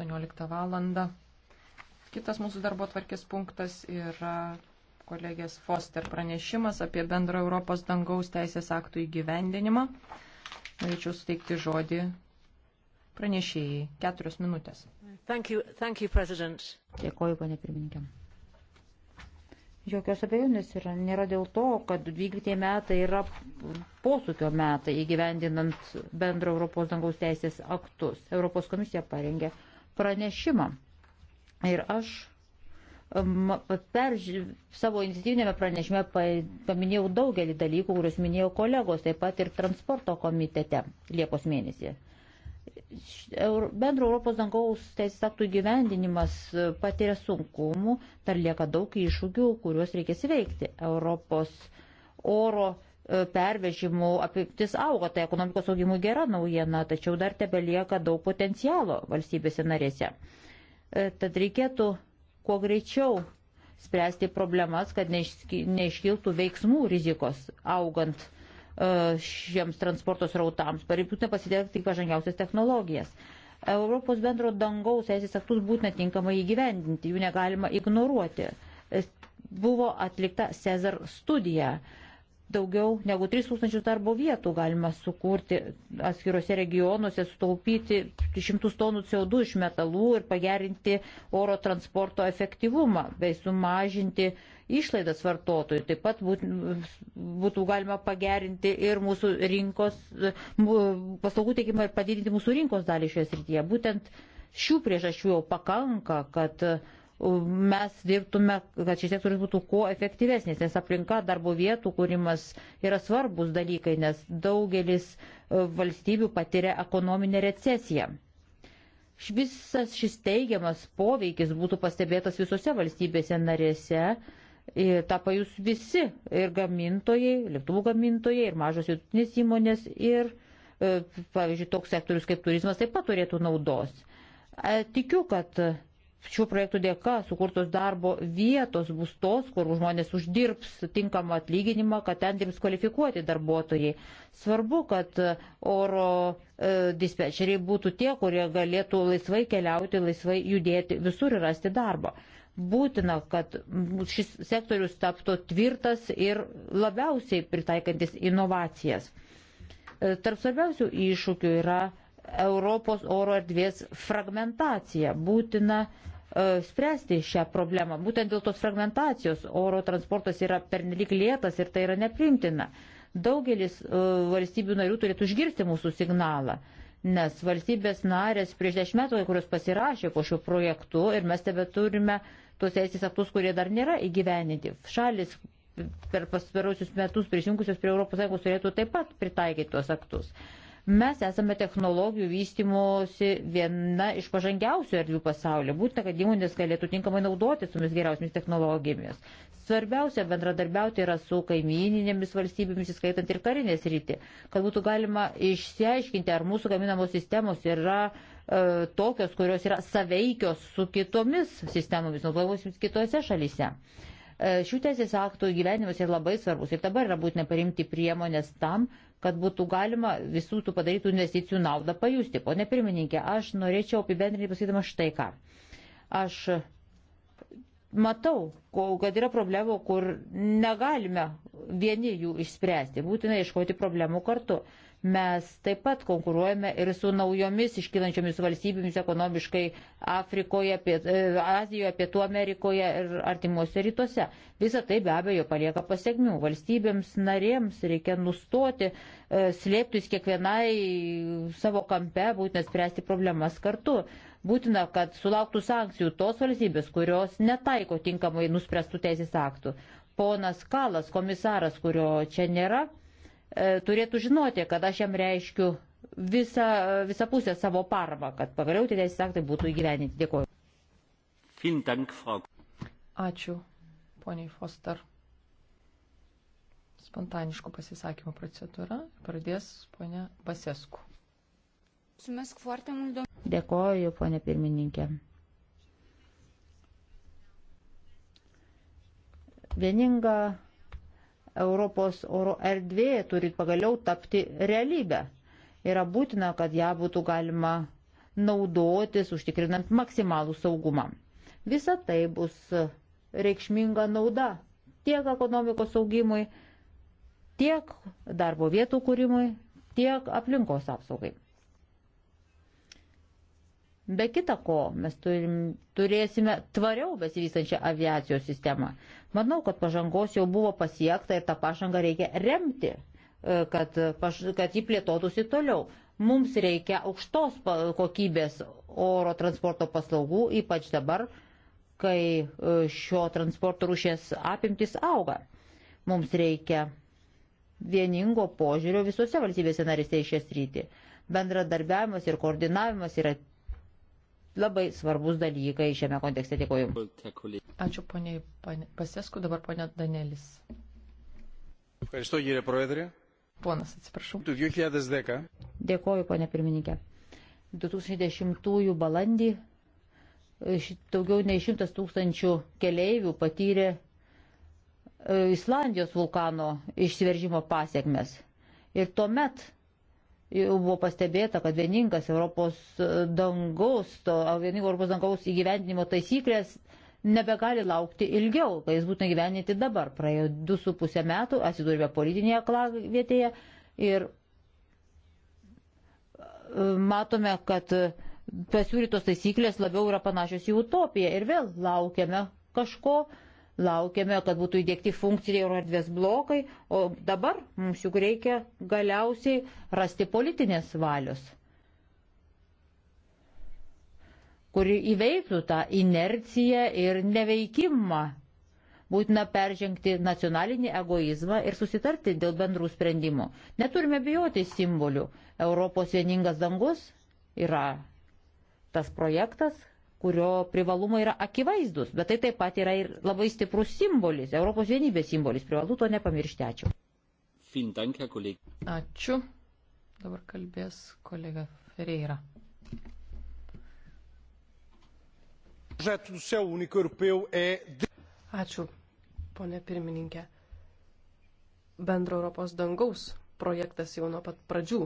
18 valandą. Kitas mūsų darbo tvarkės punktas yra kolegės Foster pranešimas apie bendrą Europos dangaus teisės aktų įgyvendinimą. Norėčiau suteikti žodį pranešėjai. Keturios minutės. Thank you, thank you, President. Dėkoju, ponė pirmininkė. Jokios abejonės yra. Nėra dėl to, kad 12 metai yra posūkio metai įgyvendinant bendro Europos dangaus teisės aktus. Europos komisija parengė pranešimą. Ir aš per savo iniciatyvinėme pranešime paminėjau daugelį dalykų, kuriuos minėjo kolegos, taip pat ir transporto komitete Liepos mėnesį. Bendro Europos dangaus teisės aktų gyvendinimas e, patiria sunkumų, dar lieka daug iššūkių, kuriuos reikės veikti. Europos oro E, pervežimų apimtis augo, tai ekonomikos augimui gera naujiena, tačiau dar tebelieka daug potencialo valstybėse narėse. E, tad reikėtų kuo greičiau spręsti problemas, kad neiškiltų veiksmų rizikos augant e, šiems transporto srautams. Pareigūtina pasitelkti tik pažangiausias technologijas. Europos bendro dangaus teisės aktus būtina tinkamai įgyvendinti, jų negalima ignoruoti. Buvo atlikta Cezar studija, daugiau negu 3000 darbo vietų galima sukurti atskiruose regionuose, sutaupyti šimtus tonų CO2 iš metalų ir pagerinti oro transporto efektyvumą bei sumažinti išlaidas vartotojų. Taip pat būtų galima pagerinti ir mūsų rinkos, paslaugų teikimą ir padidinti mūsų rinkos dalį šioje srityje. Būtent šių priežasčių jau pakanka, kad uh, mes dirbtume, kad šis sektorius būtų kuo efektyvesnis, nes aplinka, darbo vietų kūrimas yra svarbus dalykai, nes daugelis e, valstybių patiria ekonominę recesiją. Visas šis teigiamas poveikis būtų pastebėtas visose valstybėse narėse. Ir e, tą pajus visi ir gamintojai, lėktuvų gamintojai, ir mažos jūtinės įmonės, ir, e, pavyzdžiui, toks sektorius kaip turizmas taip pat turėtų naudos. Tikiu, kad šių projektų dėka sukurtos darbo vietos bus tos, kur žmonės uždirbs tinkamą atlyginimą, kad ten dirbs kvalifikuoti darbuotojai. Svarbu, kad oro e, dispečeriai būtų tie, kurie galėtų laisvai keliauti, laisvai judėti visur ir rasti darbą. Būtina, kad šis sektorius taptų tvirtas ir labiausiai pritaikantis inovacijas. E, tarp svarbiausių iššūkių yra Europos oro erdvės fragmentacija. Būtina e, spręsti šią problemą. Būtent dėl tos fragmentacijos oro transportas yra pernelik lėtas ir tai yra neprimtina. Daugelis e, valstybių narių turėtų išgirsti mūsų signalą, nes valstybės narės prieš dešimt metų, kurios pasirašė po šiuo projektu ir mes tebe turime tuos teisės aktus, kurie dar nėra įgyveninti. Šalis per pastarosius metus prisijungusios prie ES turėtų taip pat pritaikyti tuos aktus. Mes esame technologijų vystimosi viena iš pažangiausių erdvių pasaulyje. Būtina, kad įmonės galėtų tinkamai naudoti su mis geriausiamis technologijomis. Svarbiausia bendradarbiauti yra su kaimininėmis valstybėmis, įskaitant ir karinės rytį, kad būtų galima išsiaiškinti, ar mūsų gaminamos sistemos yra e, tokios, kurios yra saveikios su kitomis sistemomis, naudojamos kitose šalyse. E, šių teisės aktų gyvenimas yra labai svarbus ir dabar yra būtina parimti priemonės tam, kad būtų galima visų tų padarytų investicijų naudą pajusti. Pone pirmininkė, aš norėčiau apibendrinti pasakydama štai ką. Aš matau, kad yra problemų, kur negalime vieni jų išspręsti, būtina iškoti problemų kartu. Mes taip pat konkuruojame ir su naujomis iškylančiomis valstybėmis ekonomiškai Afrikoje, piet, e, Azijoje, Pietų Amerikoje ir artimuose rytuose. Visą tai be abejo palieka pasiekmių. Valstybėms narėms reikia nustoti e, slėptis kiekvienai savo kampe, būtent spręsti problemas kartu būtina, kad sulauktų sankcijų tos valstybės, kurios netaiko tinkamai nuspręstų teisės aktų. Ponas Kalas, komisaras, kurio čia nėra, E, turėtų žinoti, kad aš jam reiškiu visą, visą pusę savo paramą, kad pagaliau tie teisės aktai būtų įgyveninti. Dėkuoju. Ačiū, poniai Foster. Spontaniškų pasisakymų procedūra pradės ponia Basesku. Dėkoju, ponė pirmininkė. Vieninga Europos oro erdvė turi pagaliau tapti realybę. Yra būtina, kad ją būtų galima naudotis, užtikrinant maksimalų saugumą. Visa tai bus reikšminga nauda tiek ekonomikos augimui, tiek darbo vietų kūrimui, tiek aplinkos apsaugai. Be kita ko, mes turim, turėsime tvariau besivystančią aviacijos sistemą. Manau, kad pažangos jau buvo pasiekta ir tą pažangą reikia remti, e, kad, kad ji plėtotųsi toliau. Mums reikia aukštos kokybės oro transporto paslaugų, ypač dabar, kai e, šio transporto rūšės apimtis auga. Mums reikia vieningo požiūrio visose valstybėse narėse į šią sritį bendradarbiavimas ir koordinavimas yra labai svarbus dalykai šiame kontekste. Dėkoju. Ačiū poniai Pasesku, dabar ponia Danelis. Ponas, atsiprašau. 2010. Dėkoju, ponia pirmininkė. 2010 balandį e, daugiau nei 100 tūkstančių keleivių patyrė e, Islandijos vulkano išsiveržimo pasiekmes. Ir tuomet jau buvo pastebėta, kad vieningas Europos dangaus, to vieningo Europos dangaus įgyvendinimo taisyklės nebegali laukti ilgiau, kai jis būtų gyveninti dabar. Praėjo du su pusę metų, atsidūrėme politinėje klavietėje ir e, matome, kad pasiūlytos taisyklės labiau yra panašios į utopiją ir vėl laukiame kažko, Laukiame, kad būtų įdėkti funkciniai oro erdvės blokai, o dabar mums juk reikia galiausiai rasti politinės valios, kuri įveiktų tą inerciją ir neveikimą. Būtina peržengti nacionalinį egoizmą ir susitarti dėl bendrų sprendimų. Neturime bijoti simbolių. Europos vieningas dangus yra tas projektas, kurio privalumai yra akivaizdus, bet tai taip pat yra ir labai stiprus simbolis, Europos vienybės simbolis, privalu to nepamiršti. Ačiū. Ačiū. Dabar kalbės kolega Ferreira. Ačiū, ponė pirmininkė. Bendro Europos dangaus projektas jau nuo pat pradžių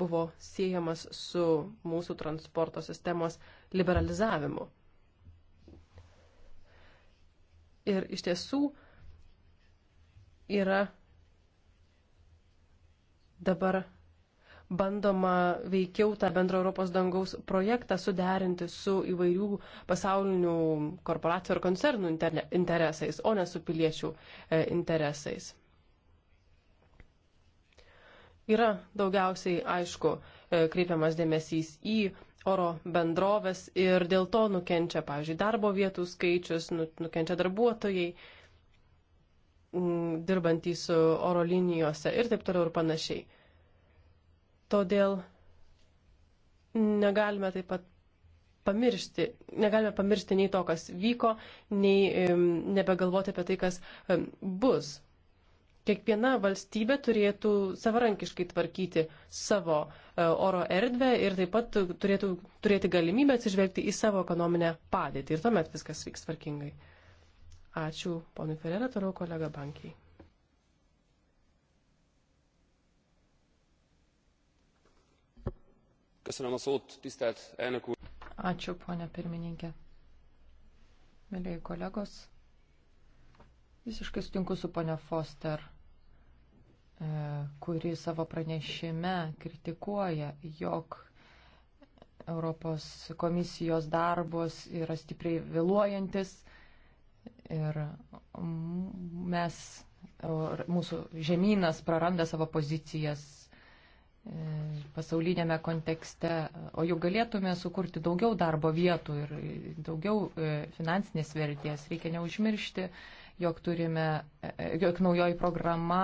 buvo siejamas su mūsų transporto sistemos liberalizavimu. Ir iš tiesų yra dabar bandoma veikiau tą bendro Europos dangaus projektą suderinti su įvairių pasaulinių korporacijų ir koncernų interesais, o ne su piliečių e, interesais yra daugiausiai, aišku, e, kreipiamas dėmesys į oro bendrovės ir dėl to nukenčia, pavyzdžiui, darbo vietų skaičius, nu, nukenčia darbuotojai, mm, dirbantys oro linijose ir taip toliau ir panašiai. Todėl negalime taip pat pamiršti, negalime pamiršti nei to, kas vyko, nei nebegalvoti apie tai, kas bus kiekviena valstybė turėtų savarankiškai tvarkyti savo e, oro erdvę ir taip pat turėtų turėti galimybę atsižvelgti į savo ekonominę padėtį ir tuomet viskas vyks tvarkingai. Ačiū, ponui Ferrerą, toliau kolega bankiai. Ačiū, ponia pirmininkė. Mėlyi kolegos, visiškai sutinku su ponia Foster E, kuri savo pranešime kritikuoja, jog Europos komisijos darbos yra stipriai vėluojantis ir mes, e, mūsų žemynas praranda savo pozicijas e, pasaulinėme kontekste, o juk galėtume sukurti daugiau darbo vietų ir daugiau finansinės vertės. Reikia neužmiršti, jog, turime, jog naujoji programa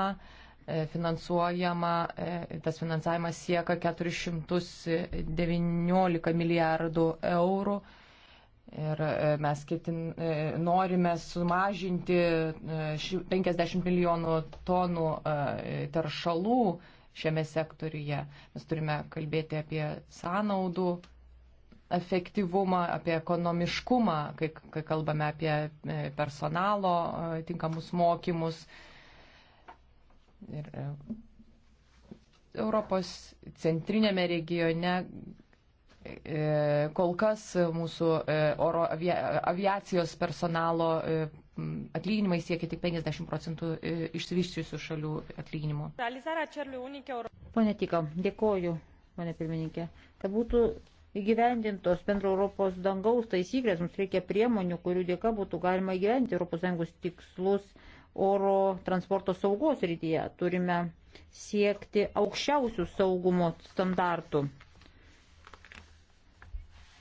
E, finansuojama, e, tas finansavimas siekia 419 milijardų eurų. Ir e, mes ketin, norime sumažinti 50 milijonų tonų teršalų šiame sektoriuje. Mes turime kalbėti apie sąnaudų efektyvumą, apie ekonomiškumą, kai, kai kalbame apie personalo tinkamus mokymus, Ir e, Europos centrinėme regione e, kol kas mūsų e, oro aviacijos personalo atlyginimai siekia tik 50 procentų išsivyščiusių šalių atlyginimų. Pone Tiko, dėkoju, pone pirmininkė, kad būtų įgyvendintos bendro Europos dangaus taisyklės, mums reikia priemonių, kurių dėka būtų galima įgyvendinti ES tikslus oro transporto saugos rytyje. Turime siekti aukščiausių saugumo standartų.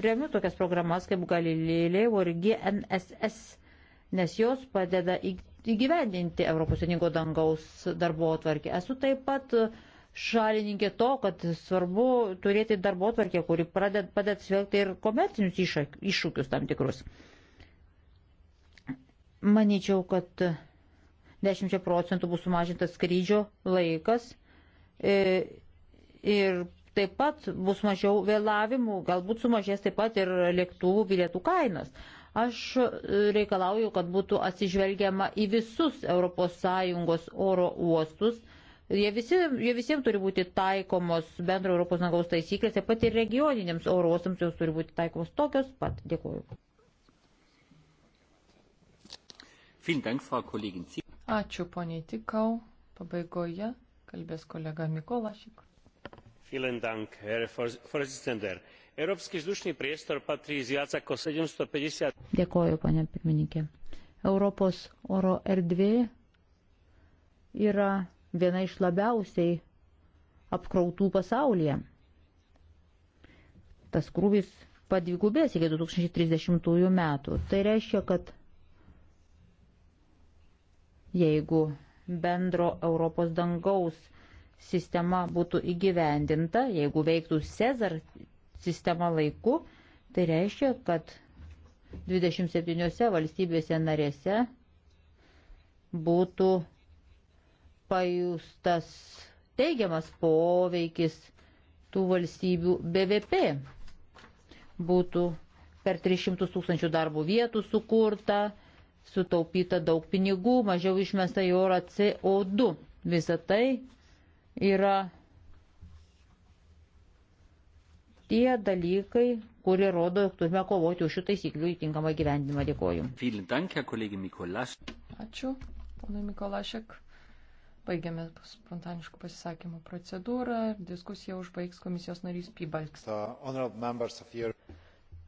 Remiu tokias programas kaip Galilėjo ir GNSS, nes jos padeda įgyvendinti Europos vieningo dangaus darbo atvarkį. Esu taip pat šalininkė to, kad svarbu turėti darbo atvarkę, kuri padeda atsvelgti ir komercinius iššūkius tam tikrus. Maničiau, kad 10 procentų bus sumažintas skrydžio laikas e, ir taip pat bus mažiau vėlavimų, galbūt sumažės taip pat ir lėktuvų bilietų kainas. Aš reikalauju, kad būtų atsižvelgiama į visus ES oro uostus. Jie, visi, jie visiems turi būti taikomos bendro Europos nagaus taisyklės, taip pat ir regioniniams oro uostams jos turi būti taikomos tokios pat. Dėkuoju. Ačiū, poniai Tikau. Pabaigoje kalbės kolega Mikolašik. Európsky vzdušný priestor patrí z viac ako 750. Dėkoju, ponia pirmininkė. Europos oro erdvė yra viena iš labiausiai apkrautų pasaulyje. Tas krūvis padvigubės iki 2030 metų. Tai reiškia, kad jeigu bendro Europos dangaus sistema būtų įgyvendinta, jeigu veiktų Cezar sistema laiku, tai reiškia, kad 27 valstybėse narėse būtų pajustas teigiamas poveikis tų valstybių BVP. Būtų per 300 tūkstančių darbo vietų sukurta, sutaupyta daug pinigų, mažiau išmesta į orą CO2. Visa tai yra tie dalykai, kurie rodo, jog turime kovoti už šių taisyklių įtinkamą gyvendimą. Dėkoju. Ačiū, ponai Mikolašek. Baigiame spontaniškų pasisakymų procedūrą. Diskusiją užbaigs komisijos narys Pybalks.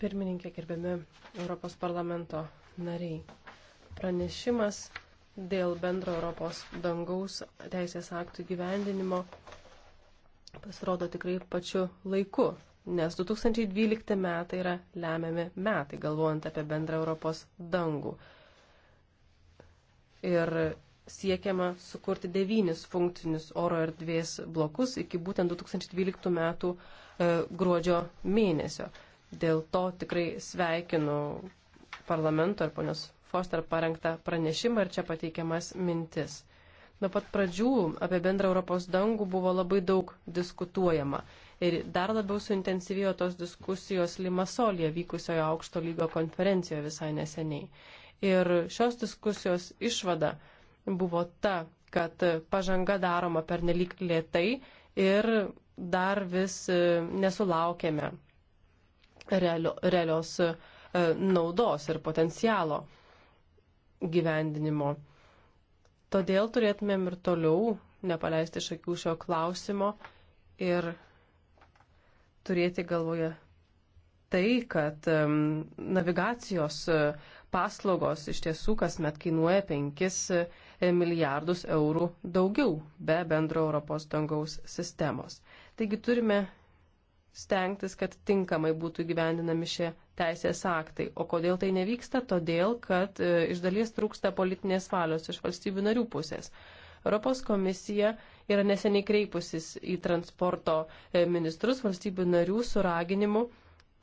Pirmininkė, gerbiami Europos parlamento nariai pranešimas dėl bendro Europos dangaus teisės aktų gyvendinimo pasirodo tikrai pačiu laiku, nes 2012 metai yra lemiami metai, galvojant apie bendrą Europos dangų. Ir siekiama sukurti devynis funkcinius oro erdvės blokus iki būtent 2012 metų e, gruodžio mėnesio. Dėl to tikrai sveikinu parlamento ir ponios Foster parengtą pranešimą ir čia pateikiamas mintis. Nuo pat pradžių apie bendrą Europos dangų buvo labai daug diskutuojama ir dar labiau suintensyvėjo tos diskusijos Limasolėje vykusiojo aukšto lygio konferencijoje visai neseniai. Ir šios diskusijos išvada buvo ta, kad pažanga daroma per nelik lietai ir dar vis e, nesulaukėme realio, realios e, naudos ir potencialo gyvendinimo. Todėl turėtumėm ir toliau nepaleisti iš akių šio klausimo ir turėti galvoje tai, kad um, navigacijos e, paslaugos iš tiesų kasmet kainuoja 5 e, milijardus eurų daugiau be bendro Europos dangaus sistemos. Taigi turime stengtis, kad tinkamai būtų gyvendinami šie teisės aktai. O kodėl tai nevyksta? Todėl, kad e, iš dalies trūksta politinės valios iš valstybių narių pusės. Europos komisija yra neseniai kreipusis į transporto e, ministrus valstybių narių su raginimu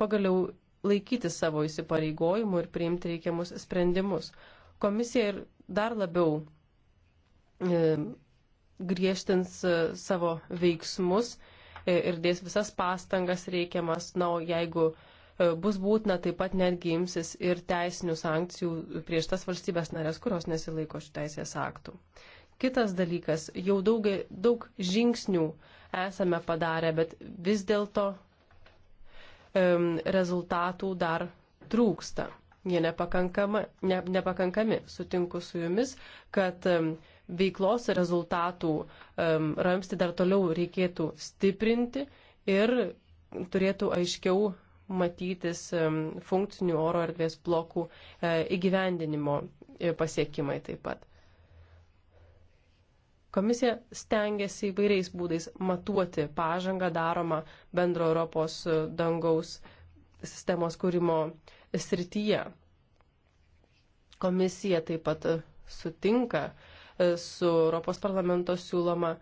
pagaliau laikyti savo įsipareigojimų ir priimti reikiamus sprendimus. Komisija ir dar labiau e, griežtins e, savo veiksmus e, ir dės visas pastangas reikiamas, na, o jeigu e, E, bus būtina taip pat netgi imsis ir teisinių sankcijų prieš tas valstybės narės, kurios nesilaiko šių teisės aktų. Kitas dalykas, jau daug, daug žingsnių esame padarę, bet vis dėlto um, rezultatų dar trūksta. Jie nepakankama, ne, nepakankami. Sutinku su jumis, kad um, veiklos rezultatų um, ramsti dar toliau reikėtų stiprinti ir turėtų aiškiau matytis funkcinių oro erdvės blokų e, įgyvendinimo e, pasiekimai taip pat. Komisija stengiasi įvairiais būdais matuoti pažangą daromą bendro Europos e, dangaus sistemos kūrimo srityje. Komisija taip pat sutinka su Europos parlamento siūloma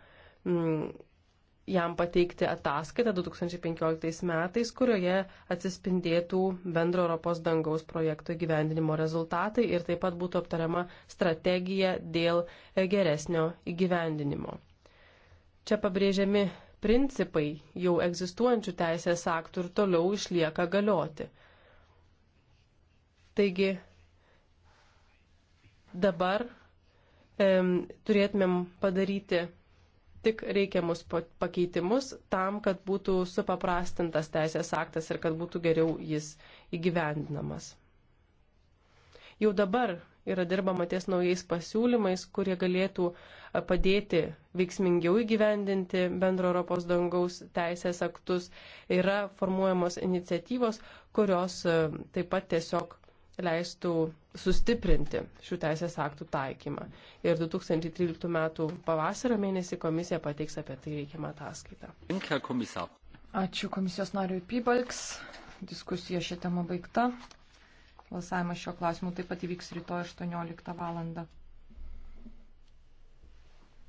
jam pateikti ataskaitą 2015 metais, kurioje atsispindėtų bendro Europos dangaus projekto įgyvendinimo rezultatai ir taip pat būtų aptariama strategija dėl geresnio įgyvendinimo. Čia pabrėžiami principai jau egzistuojančių teisės aktų ir toliau išlieka galioti. Taigi dabar e, turėtumėm padaryti tik reikiamus pakeitimus tam, kad būtų supaprastintas teisės aktas ir kad būtų geriau jis įgyvendinamas. Jau dabar yra dirbama ties naujais pasiūlymais, kurie galėtų padėti veiksmingiau įgyvendinti bendro Europos dangaus teisės aktus. Yra formuojamos iniciatyvos, kurios taip pat tiesiog leistų sustiprinti šių teisės aktų taikymą. Ir 2013 m. pavasario mėnesį komisija pateiks apie tai reikiamą ataskaitą. Ačiū komisijos nariui Pybalks. Diskusija šią temą baigta. Balsavimas šio klausimu taip pat įvyks rytoj 18 val.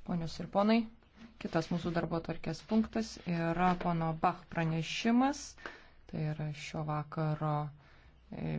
Ponios ir ponai, kitas mūsų darbo tvarkės punktas yra pono Bach pranešimas. Tai yra šio vakaro e,